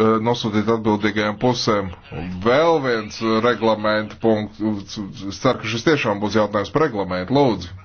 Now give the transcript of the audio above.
Eh, nosūtīt atbildīgajām pusēm. Vēl viens eh, reglamenta punkts. Es ceru, ka šis tiešām būs jautājums par reglamentu. Lūdzu.